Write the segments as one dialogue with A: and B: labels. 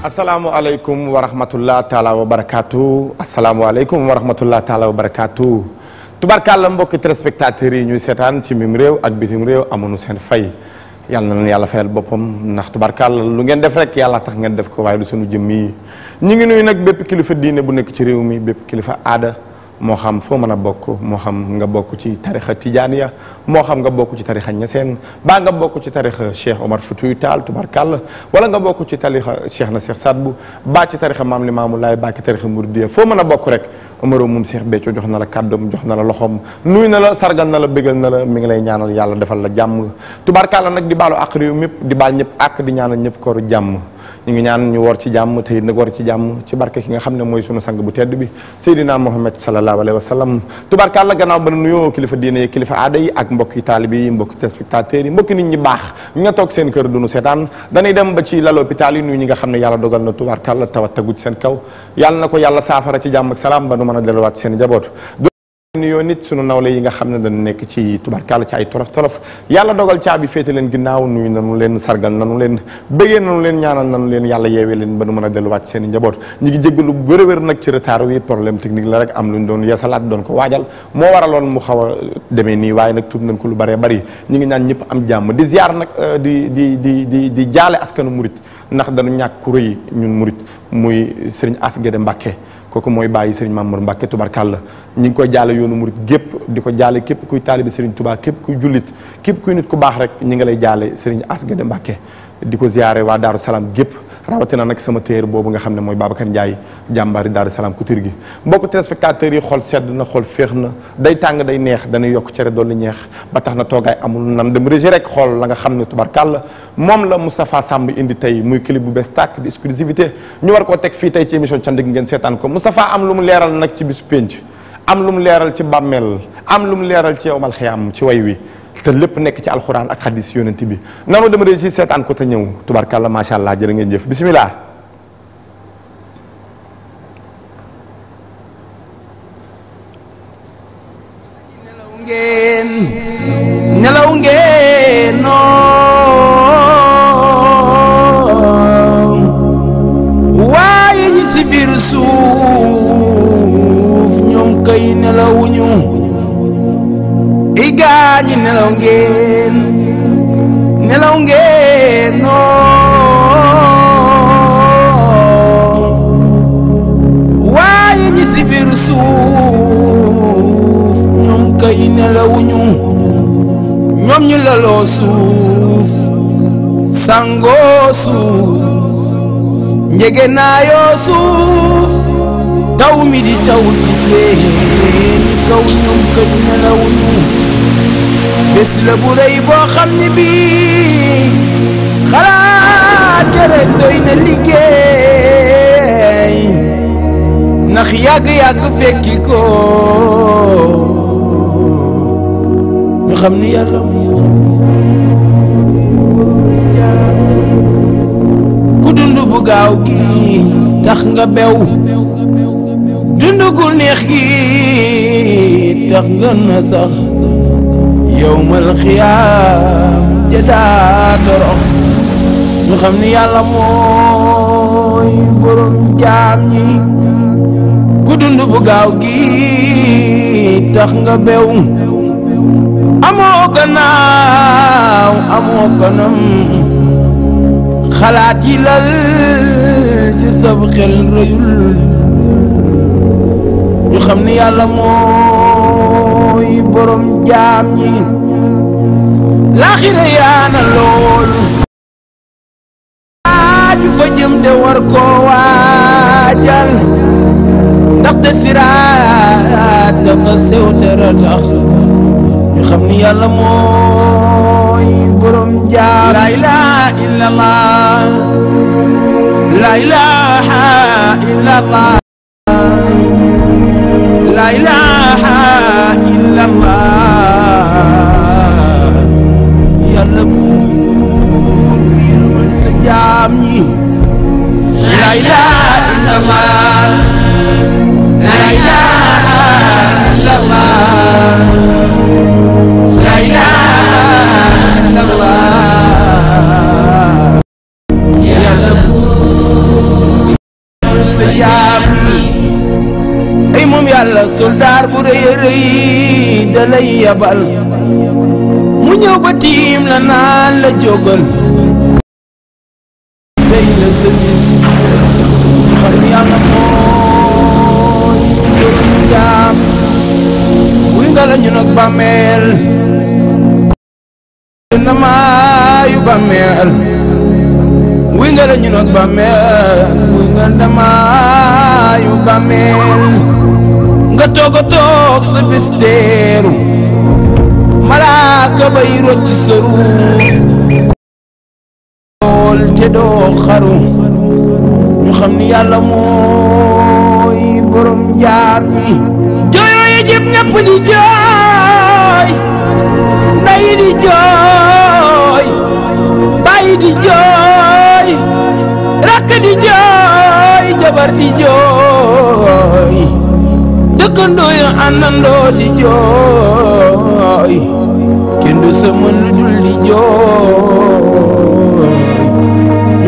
A: Assalamualaikum alaikum warahmatullahi taala wabarakatuh assalamu alaikum warahmatullahi taala wabarakatuh tubarkàlla mbokki téléspectateurs yi ñuy sétan ci mim réew ak bitim réew amunu sen fay Yalla na yalla fayal boppam ndax tubarkàlla lu ngeen def rek yalla ya tax ngeen def ko way du sunu jëmm yi ngi nuy nak bép kilifa diiné bu nekk ci réew mi bép kilifa aada moo xam foo mën a bokk moo xam nga bokk ci tarixa tijaaniya moo xam nga bokk ci tarixa ñaseen baa nga bokk ci tarixa cheikh Omar Foutiyou Tall tubarkàlla wala nga bokk ci tarixa cheikh na cheikh bu baa ci tarixa maam Limaamu Laay baa ci tarixa Muridiya foo mën a bokk rek Omaro moom Cheikh Béthio jox na la kàddoom jox na la loxoom nuy na la sargal na la bégal na la mi ngi lay ñaanal yàlla defal la jàmm tubarkàlla nag di baalu àq réew mépp di baal ñëpp àq di ñaanal ñëpp kooru jàmm ñu ngi ñaan ñu woor ci jàmm te it nag war ci jàmm ci barke ki nga xam ne mooy sunu sang bu tedd bi Seydina Muhammad sallallahu alayhi wa sallam tubarkàlla gannaaw ba nuyoo kilifa diine kilifa aada yi ak mbokki taalibe yi mbokki yi mbokki nit ñi baax ñu nga toog seen kër duñu seetaan dañuy dem ba ci lal hôpital yi nuyu ñi nga xam ne yàlla dogal na tubarkàlla tawat tagu ci seen kaw yàlla na ko yàlla saafara ci jàmm ak salaam ba nu mën a delluwaat seen jaboot nuyoo nit sunu nawle yi nga xam ne dañu nekk ci tubarkàlla ci ay tolof tolof yàlla dogal caabi féete leen ginnaaw nuyu nanu leen sargal nanu leen bëggee nanu leen ñaanal nanu leen yàlla yeewee leen ba nu mën a delluwaat seen i njaboot ñi ngi jéggalu wér wér nag ci retard wi problème technique la rek am luñ doon yeesalaat doon ko waajal moo waraloon mu xaw a demee nii waaye nag tuub nañ ko lu bëree bari ñi ngi ñaan ñëpp am jàmm di ziar nag euh, di di di di di jaale askanu murit ndax dañu ñàkk ku rëy ñun murit muy sëriñ As Gédé Mbàkke kooku mooy bàyyi Serigne Mamour Mbacke tubarkàlla ñi ngi koy jaale yoonu murit gépp di ko jaale képp kuy taalibi Serigne Touba képp kuy jullit képp kuy nit ku baax rek ñi ngi lay jaale Serigne Asgade Mbacke di ko ziyaare waa Daaru Salaam gépp rawatina nag sama téere boobu nga xam ne mooy Babacar Ndiaye jàmbaari Daaru Salaam Couture gi boo mbokk téléspectateurs yi xol sedd na xol féex na day tàng day neex dañuy yokk cere dolli ñeex ba tax na toogaay amul nan dem régi rek xool la nga xam ne tubarkàlla moom la Moustapha Samb indi tey muy clip bu bees tàkk di exclusivité ñu war koo teg fii tey ci émission candik ngeen seetaan ko Moustapha am lu mu leeral nag ci bisu pénc am lu mu leeral ci bàmmeel am lu mu leeral ci yowmal xiyaam ci way wi te lépp nekk ci alxuraan ak xadis yonent bi nanu dama dee ci seetaan ko te ñëw tubarkàlla macha allah ngeen jëf bismillah
B: ngeen nelaw ngeen oh. waaye ñi si biir suuf ñoom kay nelawuñu aji nelaw ngeen nelaw ngeen noo oh. waaye ñi si suuf ñoom kay nelawuñu ñoom ñu suuf sangoo suuf njege suuf taw mi di taw ci seen kaw ñoom kay nelawuñu bés la bu rëy boo xam ni bii xalaat ke doy na liggéey ndax yàgg-yàgg fekki ko ñu xam ni yàlla mu ku dund bu gaaw gi tax nga bew dund gu neex gi tax nga na sax yowmal xiyaam jadaa torox ñu xam ni yàlla mooy borom jaam ñi ku dund bu gaaw gi tax nga bew amoo gannaaw amoo kanam xalaat yi lal ci sab xel ñu xam ni yàlla moo borom jaam ñi laxira yaana loolu aaju fa jëm de war koo waajal ndaxte siraat dafa sew te ratax ñu xam yàlla mooy borom jaam la ilaha illallah la ilaha illallah la ilaha taar bu rëy a rëy da lay yabal mu ñëw ba tiim la naan la jógal tey la sëlis xam yàlla mooy mbirum jaam wuy nga la ñu nag bàmmeel na maayu bàmmeel wuy nga la ñu nag bàmmeel wuy nga damaayu bàmmeel nga a toog sa bis malaaka bay rocc sa ruux lool te doo xaru ñu xam ni yàlla mooy borom jaam di jooy ndey di jooy bàyyi di jooy rakk di jooy jabar di jooy dëkkandoo ya àndandoo di jooy kenn du sa mën dul di ñu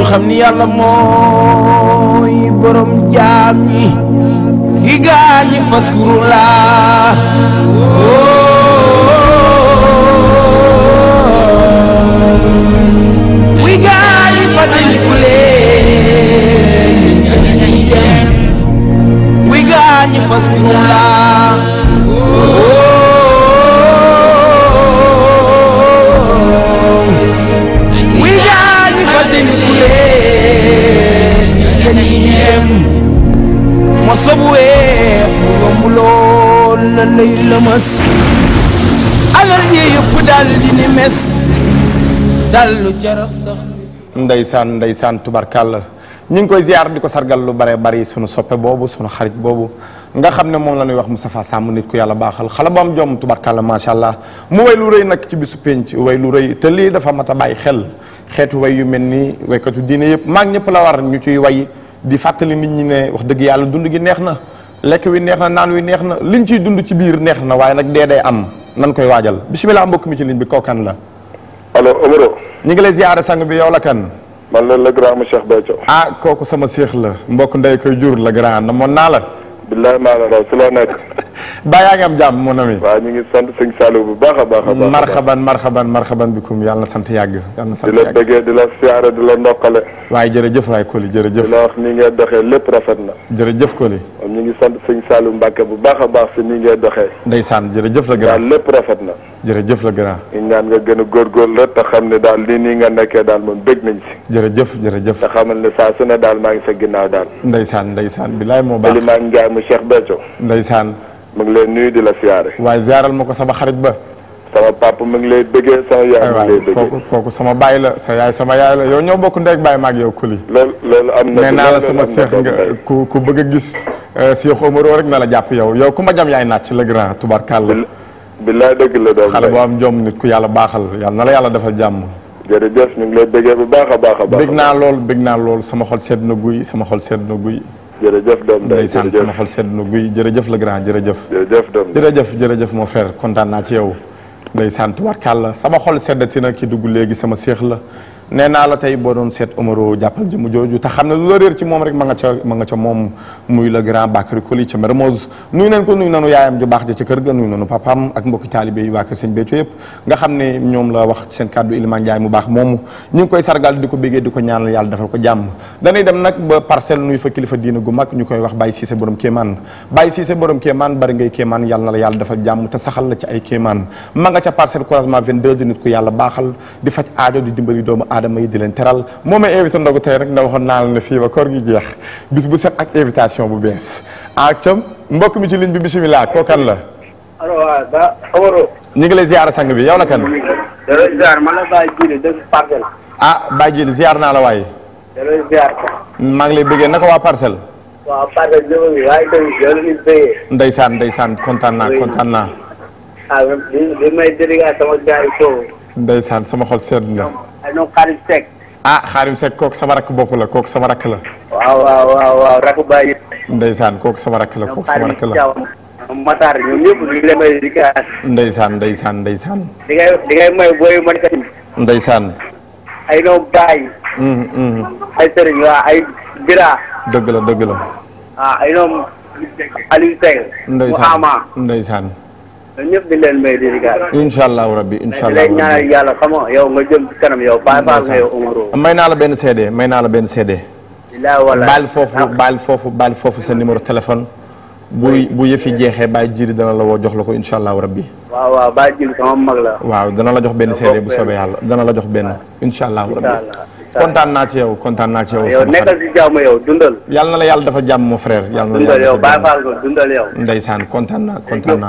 B: xam ni yàlla mooy borom jaam yi yi fas kuru ñi fas kula wi gaa ñi fa deni kuleen dañuy moso bu wee mu yomb lool la lay alal yee yëpp daal ni mes dal jarax sax
A: ndeysaan ndeysaan tubarkàlla ñu ngi koy ziar di ko sargal lu bare bari sunu soppe boobu sunu xarit boobu nga xam ne moom la ñuy wax Moustapha Samb nit ku yàlla baaxal xale bu am jom tubarkàlla macha allah mu way lu rëy nag ci bisu penc way lu rëy te lii dafa mat a bàyyi xel xeetu way yu mel nii ni waykatu diine yëpp maag ñëpp la war ñu ciy way di fàttali nit ñi ne wax dëgg yàlla dund gi neex na lekk wi neex na naan wi neex na li ñu ciy dund ci biir neex na waaye nag dee day am nan koy waajal bisimilah mbokk mi ci ligne bi kookan la. allo Omaro. ñu ngi lay ziare sang bi yow la kan. man la le grand Cheikh Béthio. ah kooku sama seex la mbokk ndey jur la grand na moon naa بالله ما على راسي baa yaa ngi am jàmm mon ami. waaw ñu ngi sant sëñ Saliou bu baax a baax a baax. marxaban marxaban marxaban bikum yàlla na sant yàgg. yàlla na sant yàgg di la bëggee di la siyaare di la ndokkale. waaye jërëjëf waay Koli jërëjëf. di la wax ni ngay doxee lépp rafet na. jërëjëf Koli. ñu ngi sant sëñ Saliou Mbacke bu baax a baax si ni ngay doxee. ndeysaan jërëjëf la grand. daal lépp rafet na. jërëjëf la grand. ñu ñaan nga gën a góorgóorlu rek te xam ne daal lii nii nga nekkee daal moom bëgg nañ si. jërëjëf jërëjëf. te xamal ne saa su ne daal maa ngi sa ginnaaw daal. ndeysaan ndeysaan bilaay moo baax. Elimane Ndiaye mu Cheikh Béthio. ndeysaan. mu ngi nuyu di la siyaare. waaye ziaral ma ko sama xarit ba. sama papa mu ngi lay sama yaay kooku sama baay la sa yaay sama yaay la yow ñoo bokk ndey ak baay ma ak yow kuli. loolu am na nee naa la sama seex nga ku ku bëgg a gis Seex eh, Omaro rek na la jàpp yow yow ku ma jam yaay naat ci le grand tubarkalla. billaay dëgg la doom xale bu am jom nit ku yàlla baaxal yàlla na la yàlla defal jàmm. jërëjëf ñu ngi lay bu baax a baax a baax. bëgg naa lool bëgg naa lool sama xol sedd na guy sama xol sedd na guy. jërëjëf Dame Ndeye ndeysaan sama xol sedd na guy jërëjëf la grand jërëjëf. jërëjëf jërëjëf jërëjëf mon frère kontaan naa ci yow. ndeysaan tubarkàlla sama xol sedd seddati na ki dugg léegi sama seex la nee naa la tey boo doon seet Omaro jàppal jëmu jooju te xam ne lu la réer ci moom rek ma nga ca ma moom muy le grand Bakary Koli ca Mermoz nuyu nañ ko nuyu nanu yaayam ju baax ja kër ga nuyu nanu papam ak mbokki taalibe yi waa kër sëñ Béthio yëpp nga xam ne ñoom la wax seen kàddu Iliman Ndiaye mu baax moomu ñu ngi koy sargal di ko béggee di ko ñaanal yàlla defal ko jàmm dañuy dem nag ba parcelle nuyu fa kilifa diina gu mag ñu koy wax Baye Cissé borom aadama yi di leen teral moo may invité ndogu tey na waxoon naa la fii ba koor gi jeex bis bu set ak invitation bu bees ak cam mbokk mi ci ligne bi bisimilah koo kan la.
C: allo waaw ba
A: ñu ngi lay ziar sang bi yow la kan.
C: delloo ziar man
A: ah, naa la waaye. delloo ziar. maa ngi lay bëggee naka waa parcelle.
C: waaw parcelle jëmm bi waaye
A: tamit yow kontaan naa kontaan ah, sama xol sedd na.
C: ñoom Xaarim Seck.
A: ah Xaarim Seck kooku sama rakk bopp la kooku sama rakk la. waaw waaw waaw waaw rakk bàyyi. ndeysaan kooku sama rakk la kooku sama rakk la. Matar ñoom ñëpp ñu ngi lay may di ka. ndeysaan ndeysaan ndeysaan.
C: di ngay di ngay may booy mën ka. ndeysaan. Mm, mm. ay ñoom Baye. ay sëriñ waa ay Bira.
A: dëgg la dëgg la.
C: ah ay ñoom Aliou Seck. ndeysaan mu Ama ndeysaan. ñëpp bi leen may dédicace. incha
A: allahu rabbi incha yàlla
C: yow nga jëm yow. Baay may
A: naa la benn CD may naa la benn CD.
C: baal
A: foofu baal foofu baal foofu sa numéro téléphone. bu bu yëf yi jeexee Baye jiir dana la woo jox la ko incha allahu rabbi. waaw waaw dana la jox benn CD bu soobee yàlla dana la jox benn. incha allahu kontaan naa ci yow kontaan naa ci yow. yow nekkal
C: jàmm yow dundal.
A: yàlla na la yàlla dafa jàmm mon frère. yàlla dundal yow Baye Faal nga kontaan naa kontaan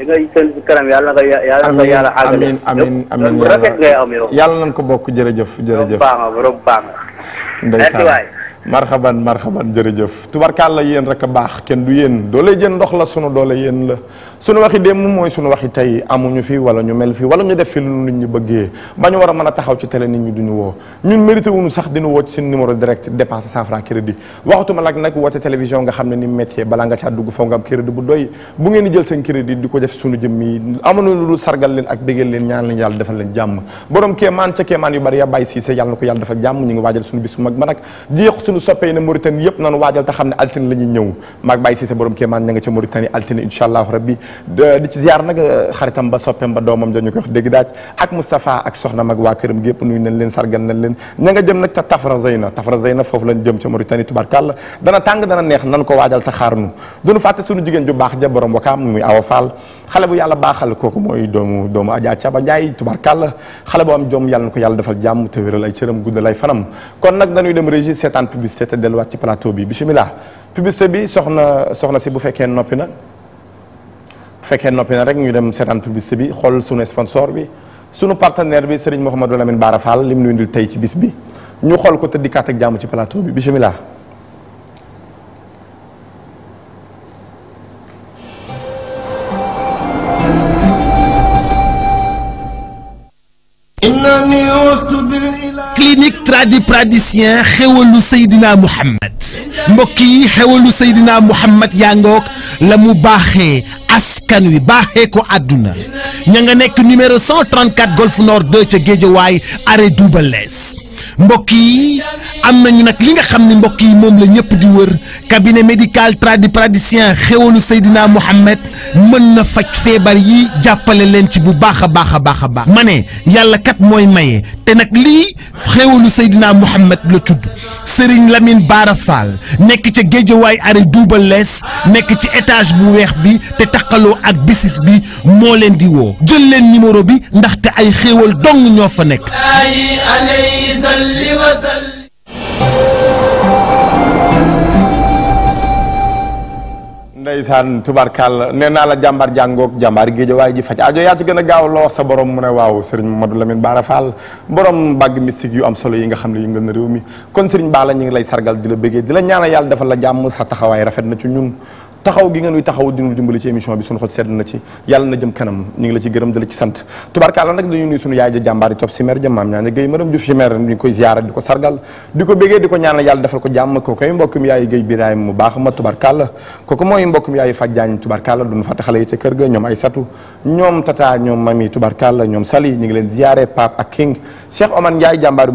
C: li ngay seen kanam yàlla na ko yàlla na yàlla àggale amiin amiin am yow yàlla
A: nañ ko bokk jërëjëf jërëjëf baax nga borom baax nga ndeysaan waay marxaban marxaban jërëjëf tubarkàlla yéen rek a baax kenn du yéen doole jën ndox la sunu doole yéen la suñu waxi démb mooy suñu waxi tey amuñu fi wala ñu mel fi wala ñu def fi lu nit ñi bëggee ba ñu war a mën a taxaw ci télé nit ñi duñu woo ñun mérité wuñu sax dina woo ci seen numéro direct dépenser cent franc crédit waxatuma nag nag woote télévision nga xam ne ni métier balaa nga caa dugg foo nga am crédit bu doy bu ngeen di jël seen crédit di ko def suñu jëmm yi amuñu lu dul sargal leen ak béggeel leen ñaan leen yàlla defal leen jàmm borom kéemaan ca kéemaan yu bari ya bàyyi siise yàlla na ko yàlla defal jàmm ñu ngi waajal suñu bis bu mag ba nag jeex suñu soppee ne Mauritanie yëpp nañu waajal te xam ne altine la ñuy ñëw maag bàyyi siise borom kéemaan ña nga ca Mauritanie altine incha allahu rabbi di ci ziar nag euh, xaritam ba soppem ba doomam dañu ko wax dégg daaj ak Moustapha ak soxna waa këram gépp nuyu nañ leen sargal nañ leen ña nga jëm nag ca Tafra Zeyna Tafra Zeyna foofu lañ jëm ca Mauritanie tubarkàlla dana tàng dana neex nan ko waajal te xaar nu duñu fàtte suñu jigéen ju baax ja borom wakaam muy Awa Fall xale bu yàlla baaxal kooku mooy doomu doomu Adja Caba Ndiaye tubarkàlla xale bu am jom yàlla na ko yàlla defal jàmm te wéral ay cëram guddal ay fanam kon nag dañuy dem régie seetaan publicité te delluwaat ci plateau bi bisimilah publicité bi soxna soxna si bu fekkee noppi na bu fekkee noppi na rek ñu dem seetaan publicité bi xool sunu sponsor bi sunu partenaire bi Serigne Mouhamadou Lamine Bara Fall lim nu indil tey ci bis bi ñu xool ko tëddi kaat ak jàmm ci plateau bi bisimilah. إنني clinique tradipraticien xewalu Seydina Mouhamed mbokk yi xewalu Seydina Mouhamed yaa ngoog la mu baaxee askan wi baaxee ko àdduna ña nga nekk numéro 134 Golf Nord ca Géejawaay arrêt Double Less mbokk yi am nañu nag li nga xam ni mbokk yi moom la ñëpp di wër cabinet médical tradipraticien xéwalu Seydina Mohamed mën na faj feebar yi jàppale leen ci bu baax a baax a baax a baax ma ne yàlla kat mooy maye te nag lii xéwalu Seydina Mohamed la tudd Serigne Lamine Bara nekk ca géejawaay are duubal lees nekk ci étage bu weex bi te taqaloo ak bisis bi moo leen di woo jël leen numéro bi ndaxte ay xéwal dong ñoo fa nekk ndeysaan tubarkàll ne naa la jàmbaar jàngoog jàmbaar géejawaay ji faj ajo yaa ci gën a gaaw loo wax sa borom mu ne waaw sëriñ Mamadou Lamine Bara Fall borom mbàgg mystique yu am solo yi nga xam ne yi nga na réew mi kon sëriñ Bala ñu ngi lay sargal di la bëggee di la ñaanal yàlla defal la jàmm sa taxawaay rafet na ci ñun taxaw gi nga nuy taxaw dinu dimbali ci émission bi suñu xol sedd na ci yàlla na jëm kanam ñu la ci gërëm di ci sant tubarkalla nag dañu ko sargal di ko bégee di ko ñaanal yàlla defal ko jàmm ko koy mbokkum yaayu géy biraayim mu baax ma tubarkalla ngi leen ziyaare Pape ak King Cheikh Omar Ndiaye jàmbaari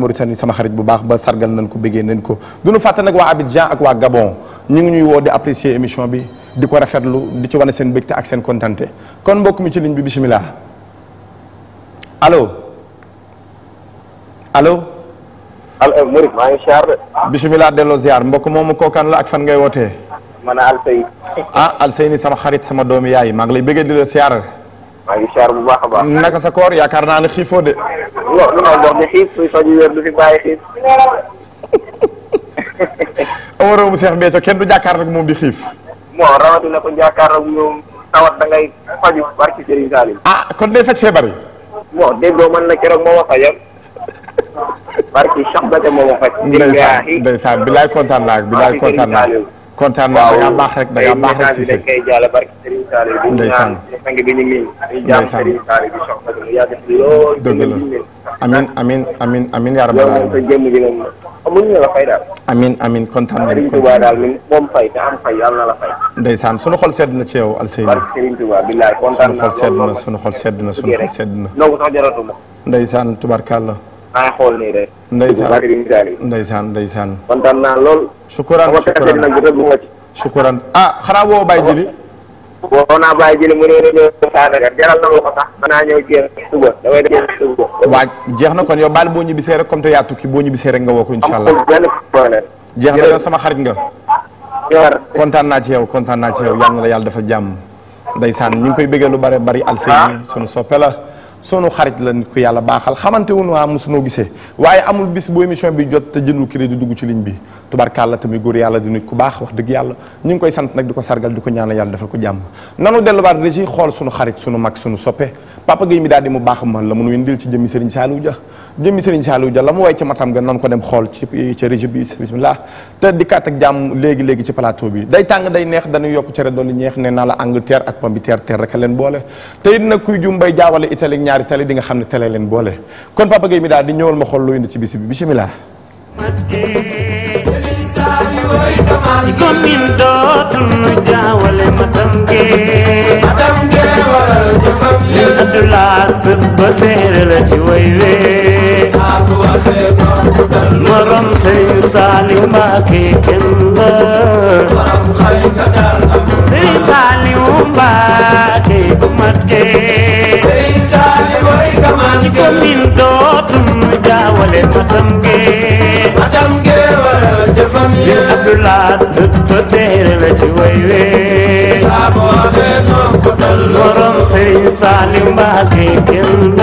A: bu baax ba sargal nañ ko bégee nañ ko duñu fàtte nag waa Gabon ñu ngi ñuy woo di apprécier émission bi di ko rafetlu di ci wane seen mbégte ak seen kontante kon mbokk mi ci ligne bi bisimilah allo alo allo euh, Mouride delloo ziar mbokk moomu kookaan la ak fan ngay wootee. man Alseyni. ah sama xarit sama doom yaay maa ngi lay bëggee di la ziar. maa bu baax a baax. naka sa koor yaakaar naa ne xiifoo de. non non mu Seex Béthio kenn du jàkkaar nag moom di xiif.
C: moo rawatina ko jàkkaarloog ñoom tawat da ngay faju barki Serigne Saliou. ah
A: kon day faj feebar yi.
C: moo déggoo man na keroog moo ma fajal. barki sax ba te moo ma faj. ndeysaan ndeysaan bilaay kontaan naa bilaay kontaan naa
A: kontaan naa da ngaa baax rek da ngaa baax rek si si
C: ndeysaan dëgg la
A: amin amin yaa rabbal amin amin ndeysaan sunu xol sedd na ci yow Alseyni sunu xol sedd sunu xol sedd na sunu xol sedd na ndeysaan maa ngi xool nii de. ndeysaan ndeysaan ndeysaan. kontaan naa lool. sukuraan sukuraan nag bu tëdd sukuraan ah xanaa woo Baye Jili. woo naa Baye Jili mu na ma ko sax danaa ñëw jéem suba damay dem suba. waa jeex na kon yow baal boo ñibbisee rek comme te yaa tukki boo ñibbisee rek nga woo ko incha allah. jeex na yow sama xarit nga. kontaan naa ci yow kontaan naa ci la yàlla dafa jàmm ndeysaan ñu ngi koy bëggee lu bare bari alseyni ah. sunu soppe la sunu xarit la nit ku yàlla baaxal xamante wu wuñu su mosunoo gisee waaye amul bis bu émission bi jot te jëndul di dugg ci ligne bi tubarkàlla tamit góor yàlla di nit ku baax wax dëgg yàlla ñu ngi koy sant nag di ko sargal di ko ñaana yàlla defal ko jàmm nanu delluwaat régi xool sunu xarit sunu mag sunu soppe Papa Gueye mi daal di mu baax ma la mënu indil ci jëmmi Serigne Saliou ja jëmmi Serigne Saliou Dia la mu way ci matam nga noonu ko dem xool ci ci bismillah te dikkaat ak jàmm léegi léegi ci plateau bi day tàng day neex dañuy yokk cere dolli ñeex ne naa la Angleterre ak pomme de terre terre rek a leen boole te it nag kuy jumbay jaawale itali ñaari tali di xam ne tele leen boole kon Papa Gueye daal di ñëwal ma xool looy indi ci bis bi bismillah kon
D: min jaawale matam gi matam Abdoulaye sët ba séeréer la ci way wee morom Sëriñ Saaliw Mbàkke kenn la Sëriñ Saaliw Mbàkke ku mat kee ñi ko min dootum jaawale matam gee matam gee wala jëfam yee Abdoulaye sët ba séeréer la ci way wee في سالم باقي كند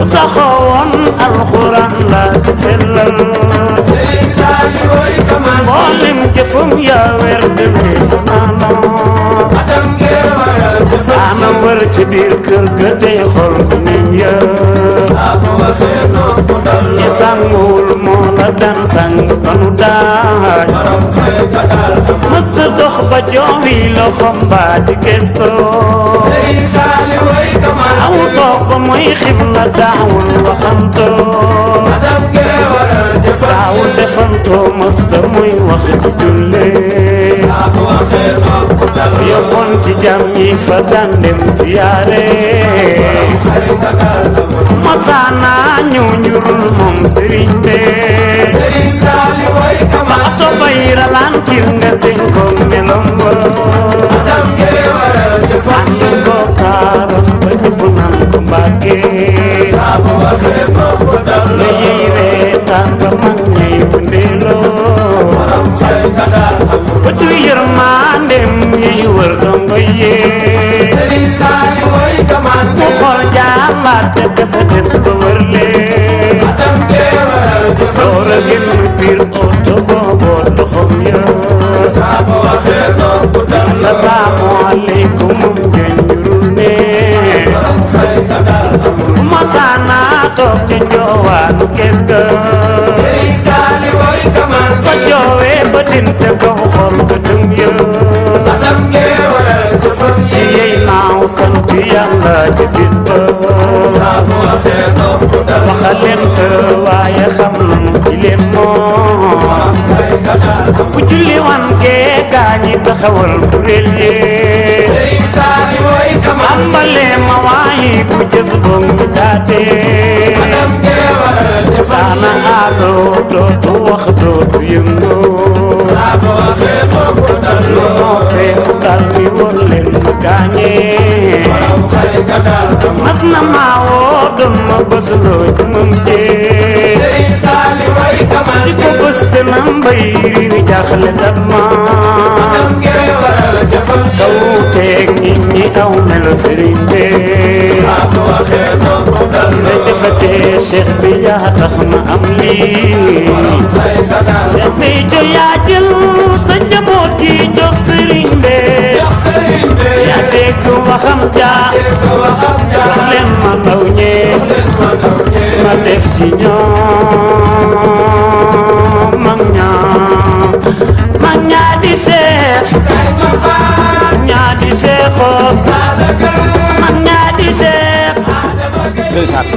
D: وسخوان القرآن لا تسلم ظالم جفم يا ورد الفنانو أنا ورد بير كرقتي خلق نيم يا يسانقول مولا دنسا lanu daaj mës a dox ba joomi loxom baa di gëstoo aw toog ba muy xibla daawul waxantoo daawul defantoo mës a muy wax di jullee yofoon ci jàmm yi fa daan dem siyaare masaanaa ñëw njurul moom sëriñ bee oto bay ralaan kiir nga seen ko melom adam ge waral jëfam yéen ko taaram ba ñëpp naan ko mbàkke saabu waxee bopp dal la yey reetaan ba man ñay wëndeeloo maram xay kadaal bëtu yërmaandeem ñuy wër dongo yee sëriñ saali way kamaan bu xool jaalaat te des a wër lee biir oto boobu doxam ya saako waxee doon bu dal salaamu aleykum ngeen jurul ne masaana toog ca njoowaanu kees ga sey saali woy kamal ko joowee ba dinte gaw xol ga tëm ya atam ngee waral jëfam ci yey naaw sant yàlla ci bis ba saako waxee doon bu dal waxaleen waaye xam bu julli wan gee gaañi taxawal kuréel yee sëriñ saali woy kama ambale ma waayi bu jës bong bu daatee madam gee waral jëfana aaloo dootu wax dootu yëngu saaba waxee moo ko lu noppee mu dal ni wër leen ma gaañee waram xay ka daal mas na maa woo doon ma bësuloo ci moom nam bay ni jaaxle dab ma kaw teeg nit ñi aw melo sëriñ be da jëfatee cheikh bi yaa tax ma am lii cheikh bi jo yaa jël sa njaboot gi jox sëriñ be yaa dégg waxam jaa wax leen ma ndaw ñee ma def ci ko man nga di seex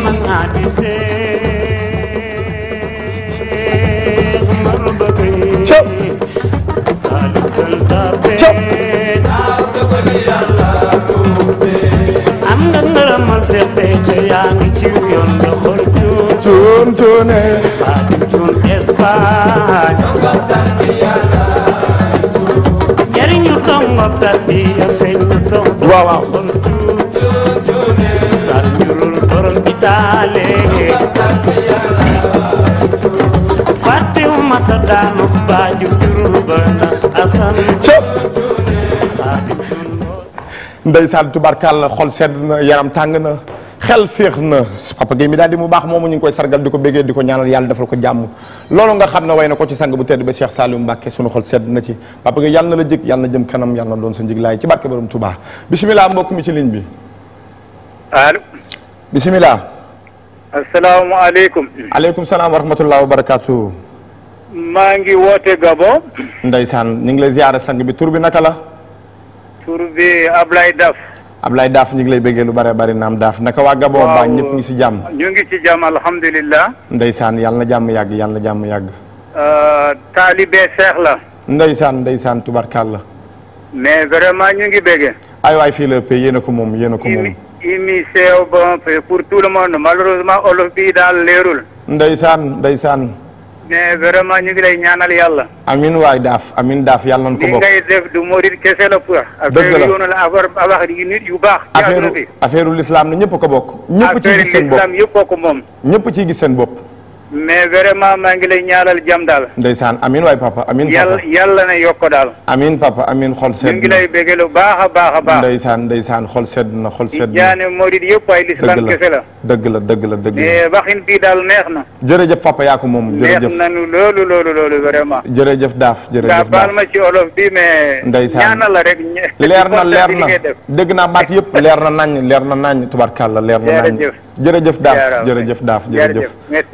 D: man nga di seex maru bëgg saalikal taabee am nga ngërëmal seex beeco yaa ngi ci yoon nga xol
B: cuun cuune
D: xaadim cuun Espagne njariñu dongo tarbiya waaw satu sar njurul borom bi taale fàttewu ma sa
A: jurul ba asan xol sedd yaram tangna xel papa gemi daldi di mu bax momu ñing koy sargal diko ko diko ñaanal yalla defal ko jamm loolu nga xam ne way na ko ci sang bu tedd ba Cheikh Saliou Mbacke sunu xol sedd na ci papa gi yàlla na la jëg yàlla na jëm kanam yàlla na doon sa njiglaay ci barke borom Touba bisimilah mbokk mi ci ligne bi allo bisimilah asalaamaaleykum aleykum salaam wa rahmatullah wa barakatuh maa ngi woote Gabon ndeysaan ñu ngi lay ziyaara sang bi tur bi naka la tur bi
C: Ablaye Daf
A: Ablaye Daaf ñu ngi lay bëggee lu bare bari naam Daaf naka waa Gabon baa ñëpp ngi ci jàmm.
C: ñu ngi ci jàmm alhamdulilah.
A: Ndeysaan yàlla na jàmm yàgg yàlla na jàmm yàgg.
C: nday euh, Seex la.
A: Ndeysaan Ndeysaan tubarkalla.
C: mais vraiment ñu ngi bëggee.
A: ay waay fii la paix yéen a ko moom yéen a ko moom.
C: émission bon pour tout le monde malheureusement olof bi daal leerul.
A: Ndeysaan Ndeysaan.
C: mais vraiment ñu ngi lay ñaanal yàlla.
A: amin waay daaf amin daaf yàlla ko bokk. li ngay
C: def du murid kese la quoi. dëgg la affaire yoonu la affaire nit yu baax. ci affaire
A: affaire ñëpp ko bokk. ñëpp ciy gis seen bopp affaire l'islam ko moom. ñëpp ciy gis seen bopp.
C: mais vraiment maa ngi lay ñaanal jàmm daal.
A: ndeysaan amin waay papa amin papa yàlla
C: na yokk daal.
A: amin papa amin xol sedd na ñu ngi lay béggee lu baax a baax a baax. ndeysaan ndeysaan xol sedd na xol sedd na. jaane
C: morit yëpp ay lislaam kese la.
A: dëgg la dëgg la dëgg la. mais
C: waxin bii daal neex na.
A: jërëjëf papa yaa ko moom. jërëjëf neex na
C: nu loolu loolu loolu vraiment.
A: jërëjëf daaf jërëjëf daaf baal ma
C: ci olof bi mais. ndeysaan ñaanal la rek. leer na leer na
A: dégg naa baat yëpp leer na nañ leer na nañ tubarkàlla leer na nañ jërëjëf daaf jërëjëf daaf jërëjëf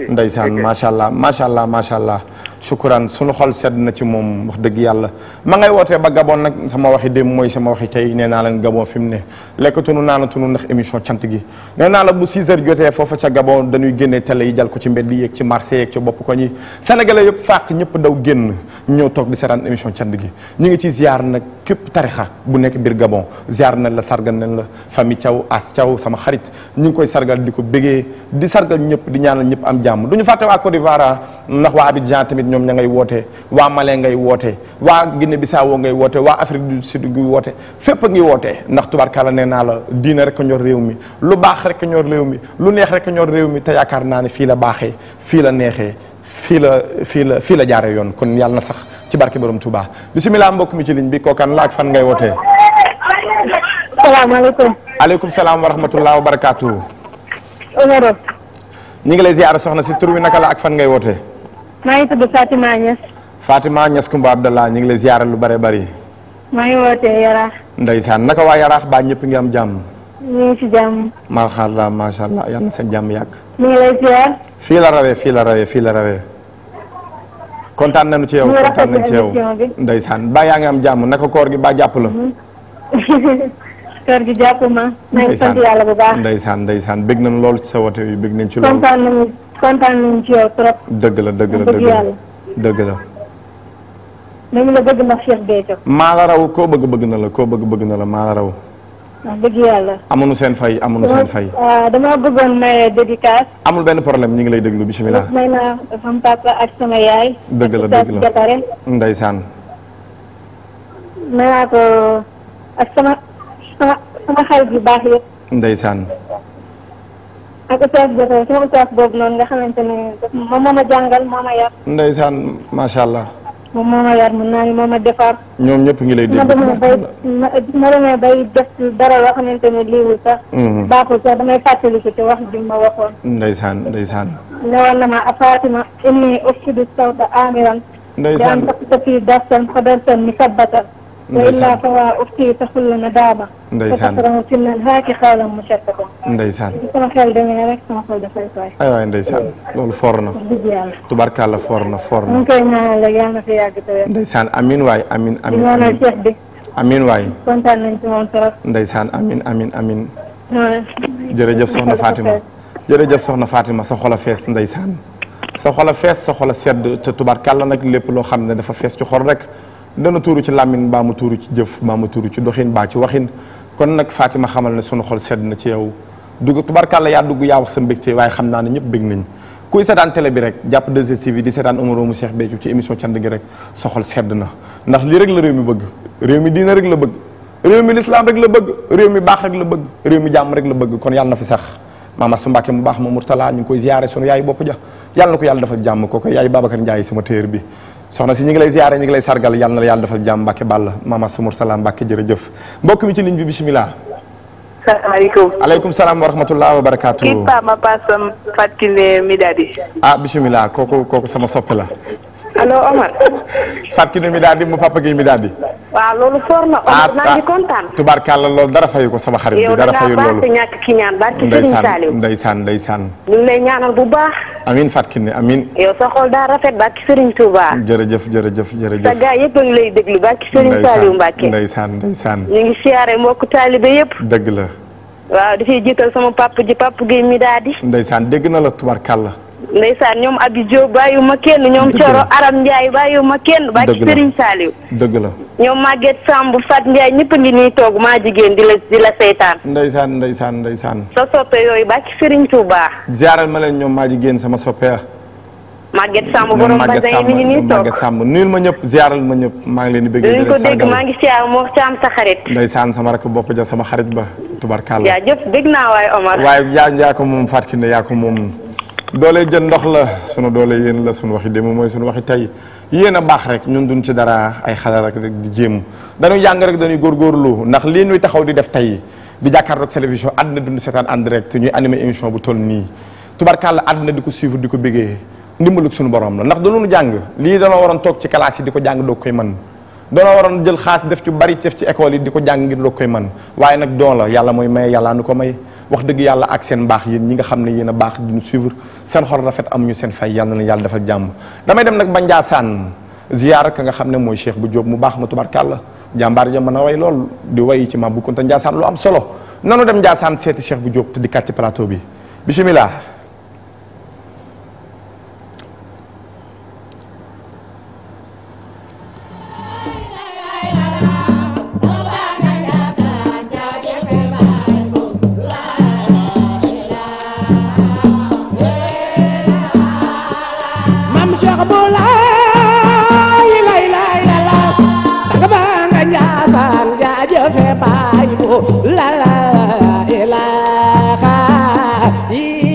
A: ndeysaan macha allah macha allah macha allah sukuraan sunu xol sedd na ci moom wax dëgg yàlla ma ngay wootee ba Gabon nag sama waxi dem mooy sama waxi tey nee naa leen Gabon fi mu ne naanatu naanatunu ndax émission cant gi nee naa la bu 6 heures jotee foofa ca Gabon dañuy génnee télé yi jal ko ci mbedd yi yeeg ci marché yeeg ci bopp ko ñi sénégalais yëpp fàq ñëpp daw génn ñëw toog di seetaan émission cant gi ñu ngi ci ziar nag képp tarixa bu nekk biir Gabon ziar nañ la sargal nañ la famille caw as Thiaw sama xarit ñu ngi koy sargal di ko bégee di sargal ñëpp di ñaanal ñëpp am jàmm du ñu fàtte waa Côte d'Ivoire ah ndax waa Abidjan tamit ñoom ña ngay wootee waa Mali ngay wootee waa Guinée Bissau ngay woote waa Afrique du Sud ngay wootee fépp ngi wootee ndax tubarkalla nee naa la diina rek ñor réew mi lu baax rek ñor réew mi lu neex rek ñor réew mi te yaakaar naa ne fii la baaxee fii la neexee fii la fii la fii la jaare yoon kon yàlla na sax ci barke borom Touba bisimilah mbokk mi ci ligne bi kookan la ak fan ngay wootee. aleykum salaam wa rahmatulah wa barakaatu. Omaro. ñu ngi lay ziar soxna si tur wi naka la ak fan ngay wootee. maa ngi tudd Fatima Niass. Fatima Niass Kumba Abdallah ñu ngi lay ziaral lu bare bari.
E: maa ngi wootee Yaraax.
A: ndeysaan naka waa Yaraax baa ñëpp ngi am jàmm.
E: Ni sejam.
A: Mahallah, mashallah, yang sejam ya?
E: mi ngi lay ziar.
A: fil la rawee fii la rawee fii la rawee. kontaan nañu ci yow kontaan nañu ci yow ndeysaan ba yaa ngi am jàmm naka koor gi ba jàpp hmm. la.
E: kër gi jàpp ma. maa ngi sant yàlla bu baax
A: ndeysaan ndeysaan bég nañ lool ci sa wote yi bég nañ ci lool. kontaan nañu
E: kontaan nañu ci yow trop.
A: la la la la.
E: nañu la bëgg Cheikh
A: la raw bëgg bëgg na la bëgg bëgg na la la raw.
E: wax dëgg yàlla.
A: amuñu seen fay amuñu seen fay.
E: dama bëggoon maye dédicace.
A: amul benn problème ñu ngi lay déglu bisimilah. may
E: naa sama papa ak sama yaay.
A: dëgg la dëgg la ak ndeysaan.
E: may naa ak sama sama sama xarit yu baax yëpp. ndeysaan. ak ustaas Jatare sama ustaas boobu noonu nga xamante ne moom moo ma jàngal moo ma yar.
A: ndeysaan macha allah.
E: ma yar mën naa ni moo ma
A: ñoom ñëpp ngi lay dégg. ma demee bay
E: ma demee bay def dara loo xamante ne liiwul sax.
A: Mm-hmm. baaxul
E: sax damay fàttali ko te wax ji ma waxoon.
A: ndeysaan ndeysaan.
E: newoon na inni uksidu sawta amiran. ndeysaan daan takk sa fii darsan fa darsan mi sabbatan ndeysaan fa taxul na daaba. ndeysaan na haaki xaalam mu set ko. ndeysaan li sama xel demee rek sama
A: loolu foor na. tubarkalla foor na foor
E: koy ñaanal rek yàlla na fi yàgg te
A: waay amiin amiin amiin di ñaanal amiin waay. kontaan soxna Fatima jërëjëf a fees ndeysaan soxola fees soxola sedd te tubarkalla nag lépp loo xam ne dafa fees ci xol rek dana tuuru ci làmmiñ mbaa mu tuuru ci jëf mbaa mu tuuru ci doxin mbaa ci waxin kon nag Fatima xamal na sunu xol sedd na ci yow dugg tubarkàlla yaa dugg yaa wax sa mbégte waaye xam naa ne ñëpp bég nañ kuy seetaan télé bi rek jàpp 2STV di seetaan Omaro mu Cheikh Béthio ci émission cant gi rek sa xol sedd na ndax lii rek la réew mi bëgg réew mi diina rek la bëgg réew mi lislaam rek la bëgg réew mi baax rek la bëgg réew mi jàmm rek la bëgg kon yàlla na fi sax maama su Mbàkke mu baax ma Murtala ñu ngi koy ziyaare sunu yaay bopp ja yàlla na ko yàlla dafa jàmm kooku yaay Babacar sama téer bi soxna si ñi ngi lay ziyaare ñi ngi lay sargal yàlla na la yàlla defal jàmm Mbàkke Balla Mama Sumur Salaam Mbàkke jërëjëf mbokk mi ci ligne bi bisimilah. aleykum salaam wa wa barakaatu. kii Paa
E: ma paasam Fatkine Midadi.
A: ah bisimilah kooku kooku sama soppe la. allo Omar. Fatkine Midadi mu papa gi Midadi.
E: waaw loolu foor na ah, Omar maa ngi ah, kontaan
A: tubaarkàlla loolu dara fayu ko sama xarit bi dara fayu loolu yow
E: ñàkk ki ñaan barki Serigne bu baax
A: amin Fatou Kiné amin
E: yow sa xol daa rafet barki Serigne Touba
A: jërëjëf jërëjëf jërëjëf sa gaa yëpp
E: a ngi lay déglu barki Serigne Saliou Mbacke
A: ndeysaan ndeysaan
E: ñu ngi siyaare mbokk taalibe yëpp dëgg la waaw dafay jiital sama papa ji papa Guèye mi daal di
A: ndeysaan dégg na la tubaarkàlla
E: ndaysan ñom Abi Diop bàyyiwuma kenn ñom Coro Aram ndjay bayuma kenn ba ci Serigne saliw deug la ñom Maguette sambu Fat ndjay ñepp ngi ni toog ma jigen di la
A: di la setan ndaysan ndaysan ndaysan
E: so soppe yoy ba ci Serigne Touba
A: jaaral ma len ñom ma jigen sama soppe ya.
E: Maget sambu borom ba day ngi ni toog
A: Maguette sambu nuyul ma ñepp ziaral ma ñepp ma ngi len di bëgg di ko deg ma
E: ngi mo ci am sa xarit
A: ndaysan sama rakk bop ja sama xarit ba ya
E: jaajëf deg na way Omar
A: way ya yaa ko moom Fatkine ya ko moom doole jën ndox la sunu doole yéen la sunu waxi démb mooy sunu waxi tey yéen a baax rek ñun duñ ci dara ay xalaat rek di jéem dañu jàng rek danuy dañuy góorgóorlu ndax lii ñuy taxaw di def tey di jàkkaarloog télévision àddina dund seetaan en direct ñuy animé émission bu toll nii tubarkàlla àddina di ko suivre di ko biggee ndimbalug suñu borom la ndax du dañu jàng lii danoo waroon toog ci classe yi di ko jàng doo koy mën danoo waroon jël xaas def ci bari def ci école yi di ko jàng ngir doo koy nag doon yàlla mooy maye yàlla nu ko may wax dëgg yàlla ak seen baax yéen ñi nga xam ne yéen a baax duñu suivre seen xol rafet am ñu seen fay yàlla na yàlla defal jàmm damay dem nag ba Njaasaan ziyaar ka nga xam ne mooy Cheikh bu Jóob mu baax ma tubarkàlla jàmbaar ja mën a way lool di way ci ma bu konta Njaasaan lu am solo nanu dem Njaasaan seeti Cheikh bu Jóob te di kàcc plateau bi bismillah
B: Yeah.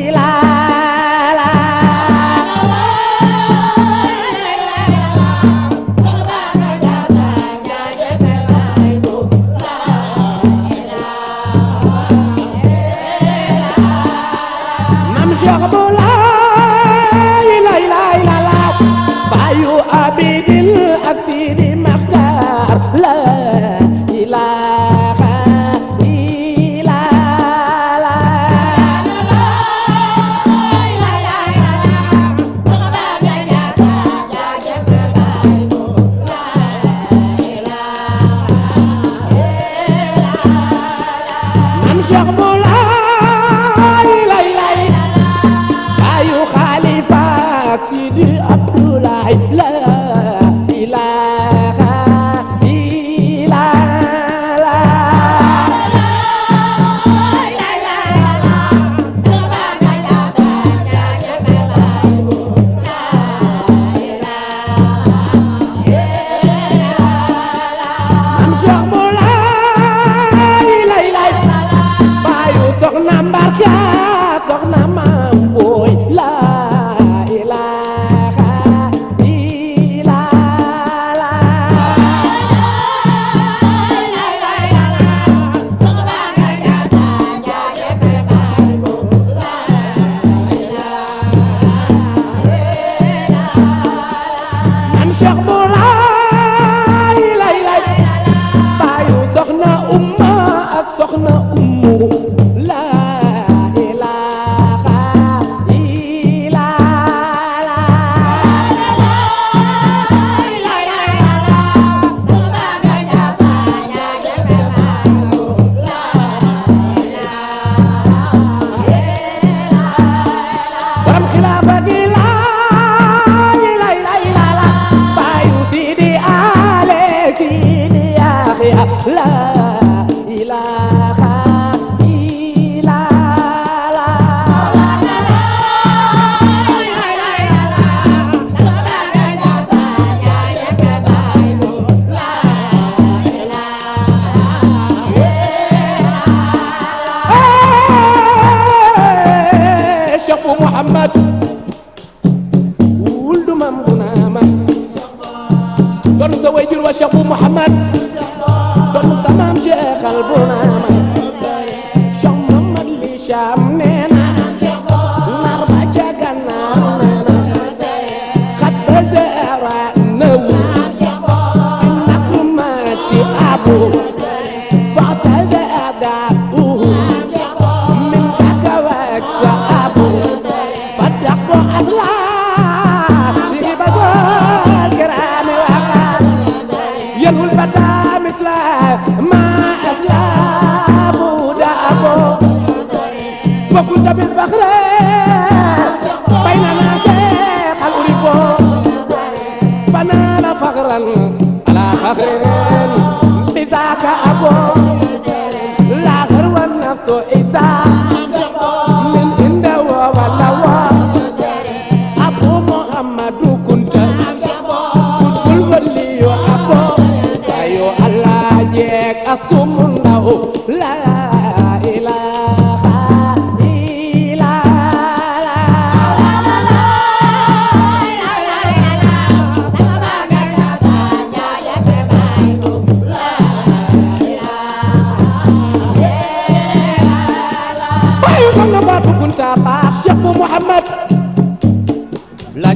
B: albuna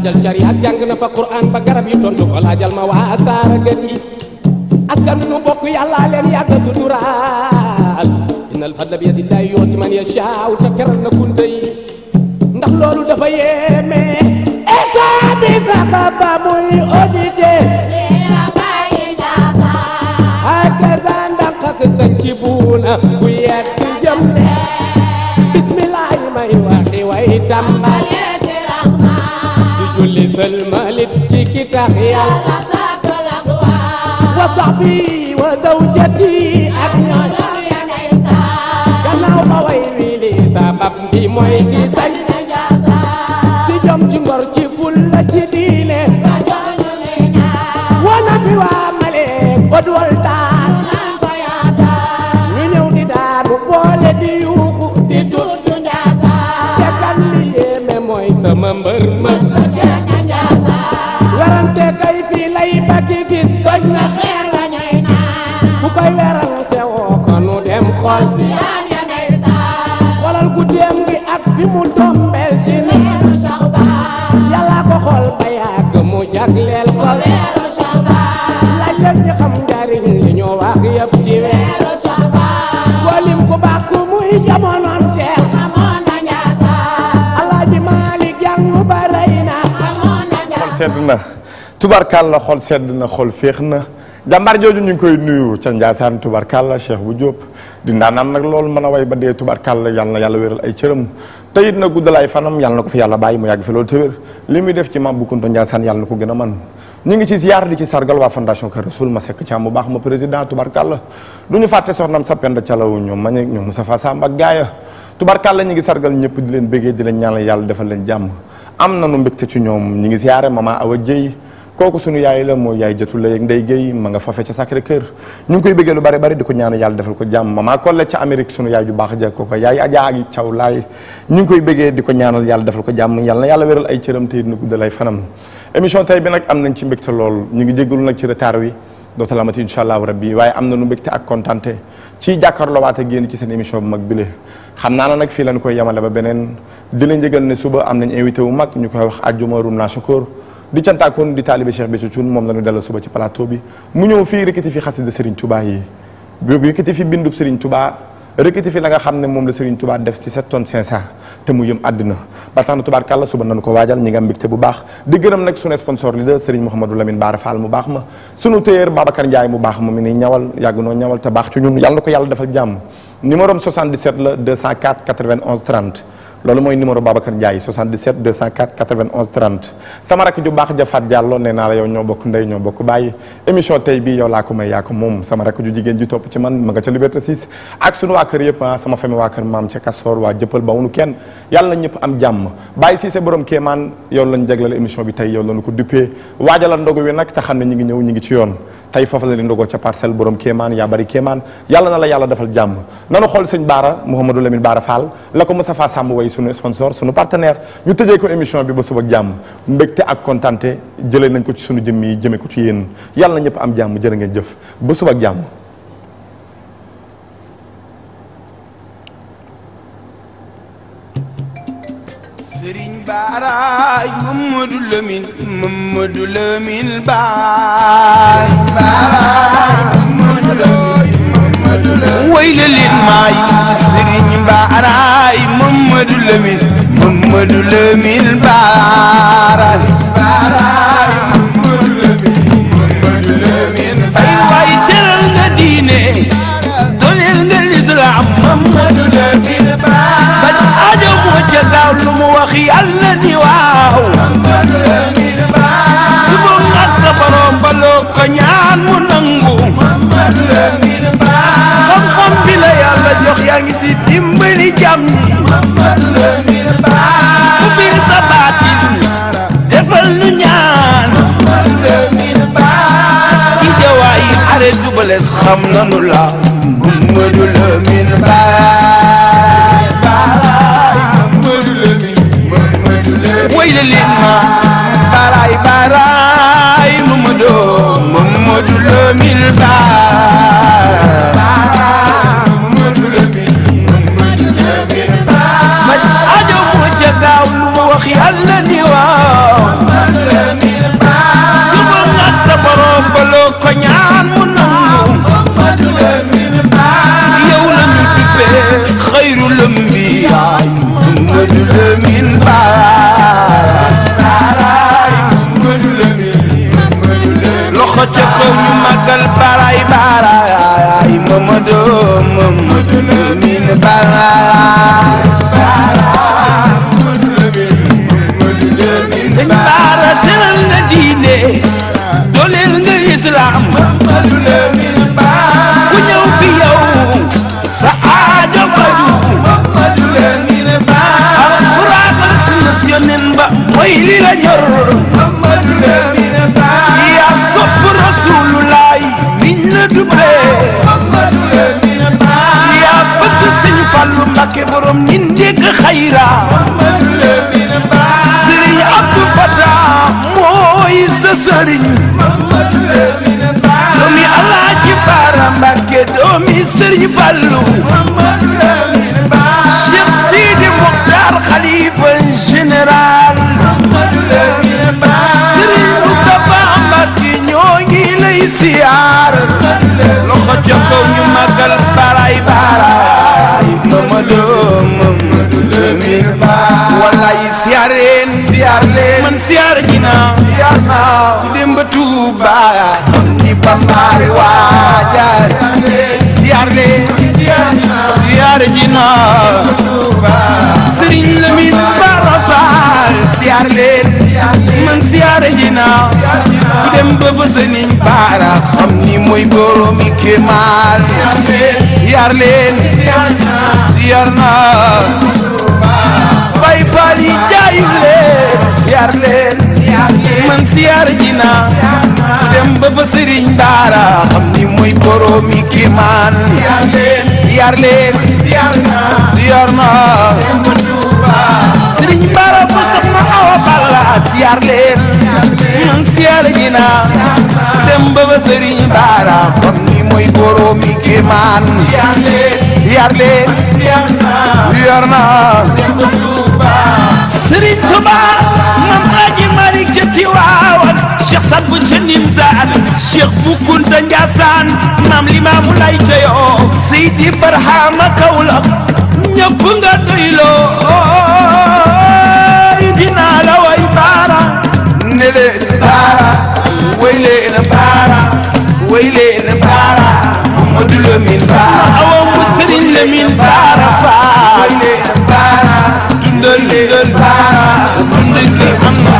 B: laajal cariat jàng na fa Qur'an ba garab yi tontu ko laajal waa saara gët yi ak gan nu bokk yàllaa leen yàgg suturaal innal fadla bi yadillaahi yu'ti man yashaa'u te keral na kunte ndax loolu dafa yéeme état bi sax ba muy audité sañ ci buuna ku yegg jëm bismillaahi may waxi way tàmbale
D: المال بتيك تحيا
B: وصاحبي وزوجتي أكنا يا نيسان كلاو بوي ويلي سبب بمويكي wa xeer wa naan bu koy weeral te woo ko nu dem xool si yaa ne nay saan xoolal guddeem gi ak fi mu tombeel ci weeru Saxbaan yàlla ko xool ba yàgg mu jagleel ko weeru Saxbaan laaj leen ñi xam njariñ li ñu wax yëpp ci weeru Saxbaan koo lim ku baax xamoon na ñaata alaaji Maalik jàng ba rey na xamoon na
A: ñaata tubarkalla xol sedd na xol féex na jàmbaar jooju ñu ngi koy nuyu ca Ndiassane tubarkalla Cheikh bu Diop di ndaanaan nag loolu mën a way ba dee tubarkalla yàlla na yàlla wéral ay cëram te it na guddalaay fanam yàlla na ko fi yàlla bàyyi mu yàgg fi loolu te wér li muy def ci Mame Bou Kounta Ndiassane yàlla na ko gën a man ñu ngi ci ziar di ci sargal waa fondation Kër Rasoul ma sekk Thiam bu baax ma président tubarkalla du ñu fàtte soxnam sa pend calawu ñoom ma ne ñoom Moustapha Samb ak gaaya tubarkalla ñu ngi sargal ñëpp di leen bëggee di leen yàlla defal leen jàmm am nañu mbégte ci ñoom ñi ngi ziare mama Awa Dieye kooku sunu yaay la mooy yaay jotul la yeeg Ndeye Guèye ma nga fafe ca Sacré ngi koy bëggee lu bari bari di ko ñaan yàlla defal ko jàmm mama Kolle ca Amérique sunu yaay ju baax ja ko ko yaay Adja ak Thiaw laay ñu koy bëggee di ko ñaanal yàlla defal ko jàmm yàlla na yàlla wéral ay cëram te nu guddal ay fanam tey bi nag am nañ ci mbégte lool ñu ngi jégalu nag ci retard wi doota lamati incha waaye am na nu mbégte ak kontante ci jàkkaarloo waate génn ci seen émission bu mag bile xam naa na nag fii lañ koy yemale ba beneen di la njëgal ne suba am nañ invité wu mag ñu koy wax ajjuma rum naa sukóor di cantaakoon di taalibe Cheikh Béthio Thioune moom la ñu dalal suba ci plateau bi mu ñëw fii rëkkati fi xasida Serigne Touba yi rëkkati fi bindub Serigne Touba rëkkati fi la nga xam ne moom la Serigne tubaa def ci 7 tonnes 500 te mu yëm àddina ba tax na tubaarkàlla suba nañu ko waajal ñi nga am mbégte bu baax di gërëm nag sunu sponsor leader Serigne Mouhamadou Lamine Bara Fall mu baax ma sunu téyeer Babacar Ndiaye mu baax ma mi ni ñawal yàgg noo ñawal te baax ci ñun yàlla na ko yàlla defal jàmm numéro 77 la 204 loolu mooy numéro Babacar Ndiaye 77 204 91 30 sama rakk ju baax ja Fat Diallo nee naa la yow ñoo bokk ndey ñoo bokk bàyyi émission tey bii yow laa ko may yaa ko moom sama rakk ju jigéen ju topp ci man ma ca Liberté 6 ak sunu waa kër yëpp ah sama famille waa kër maam ca Kastoor waa jëppal ba wunu kenn yàlla na ñëpp am jàmm bàyyi si sa borom kéemaan yow lañ jagleel émission bi tey yow lañu ko duppee waajalal ndogu nag te xam ne ñi ngi ñëw ngi ci yoon tey foofu la leen ca parcelle borom kéemaan yaa bari kéemaan yàlla na la yàlla defal jàmm nanu xool sëñ baara Mouhamadou Lamine Baara Fall la ko Moustapha Samb way sunu sponsor sunu partenaire ñu tëjee ko émission bi ba suba ak jàmm mbégte ak kontaante jëlee nañ ko ci suñu jëmm yi jëmee ko ci yéen yàlla na ñëpp am jàmm jërë ngeen jëf ba suba jàmm
B: baaraay Mamadou Lamine Mamadou Lamine baay baaraay Mamadou Lamine Mamadou Lamine way la leen maay Serigne baaraay Mamadou Lamine Mamadou Lamine baaraay baaraay Mamadou Lamine Mamadou Lamine ay waay jëlal nga diine dooleel nga lislaam Mamadou Lamine baaraay te gaaw lu mu wax yàlla ni waaw jubóom ak sa borom ba loo ko ñaan mu nangu xam-xam bi la yàlla jox yaa ngi si dimbali jàmm ñi ku biir sa baatin defal nu ñaan ki jawaay arrêt du balees xam nanu la Mamadou Lamine Baye leen ma baraay baraay mu ma doom fallu Mamadou Lamine Ba Cheikh Sidi Mokhtar xalifa général Mamadou Lamine Ba Serigne Moustapha Mbacké ñoo ngi lay siyaar loxo jokkoo ñu magal baray baray Mamadou Mamadou Lamine Ba wallaay siyaareen siyaar leen man siyaar ji naa siyaar naa ku dem ba Tuuba xam ni Bamba waajal siyaar leen siyaar ji leen man siyaar ji naa ku dem ba mooy boromi leen siyaar naa leen siyaar leen man ji naa dem ba fa sëriñ daara xam ni mooy boroomi kii maan siyaar leen siyaar leen siyaar na mm, dem ba fa sëriñ daara xam ni mooy boroomi kii maan siyaar leen siyaar leen siyaar na sëriñ Tuubaa mam aji Malik ci Tiwaawan cheikh sat bu ca nimsaan cheikh bu kunta njaasaan maam limaamu lay ca yoo seydi barhaama kawla ñëpp nga doyloo dinaa la way baara ne leen baara way leen baara way leen baara Mamadu Lamin baara awa mu sëriñ Lamin baara faa way leen baara dundal leen baara am na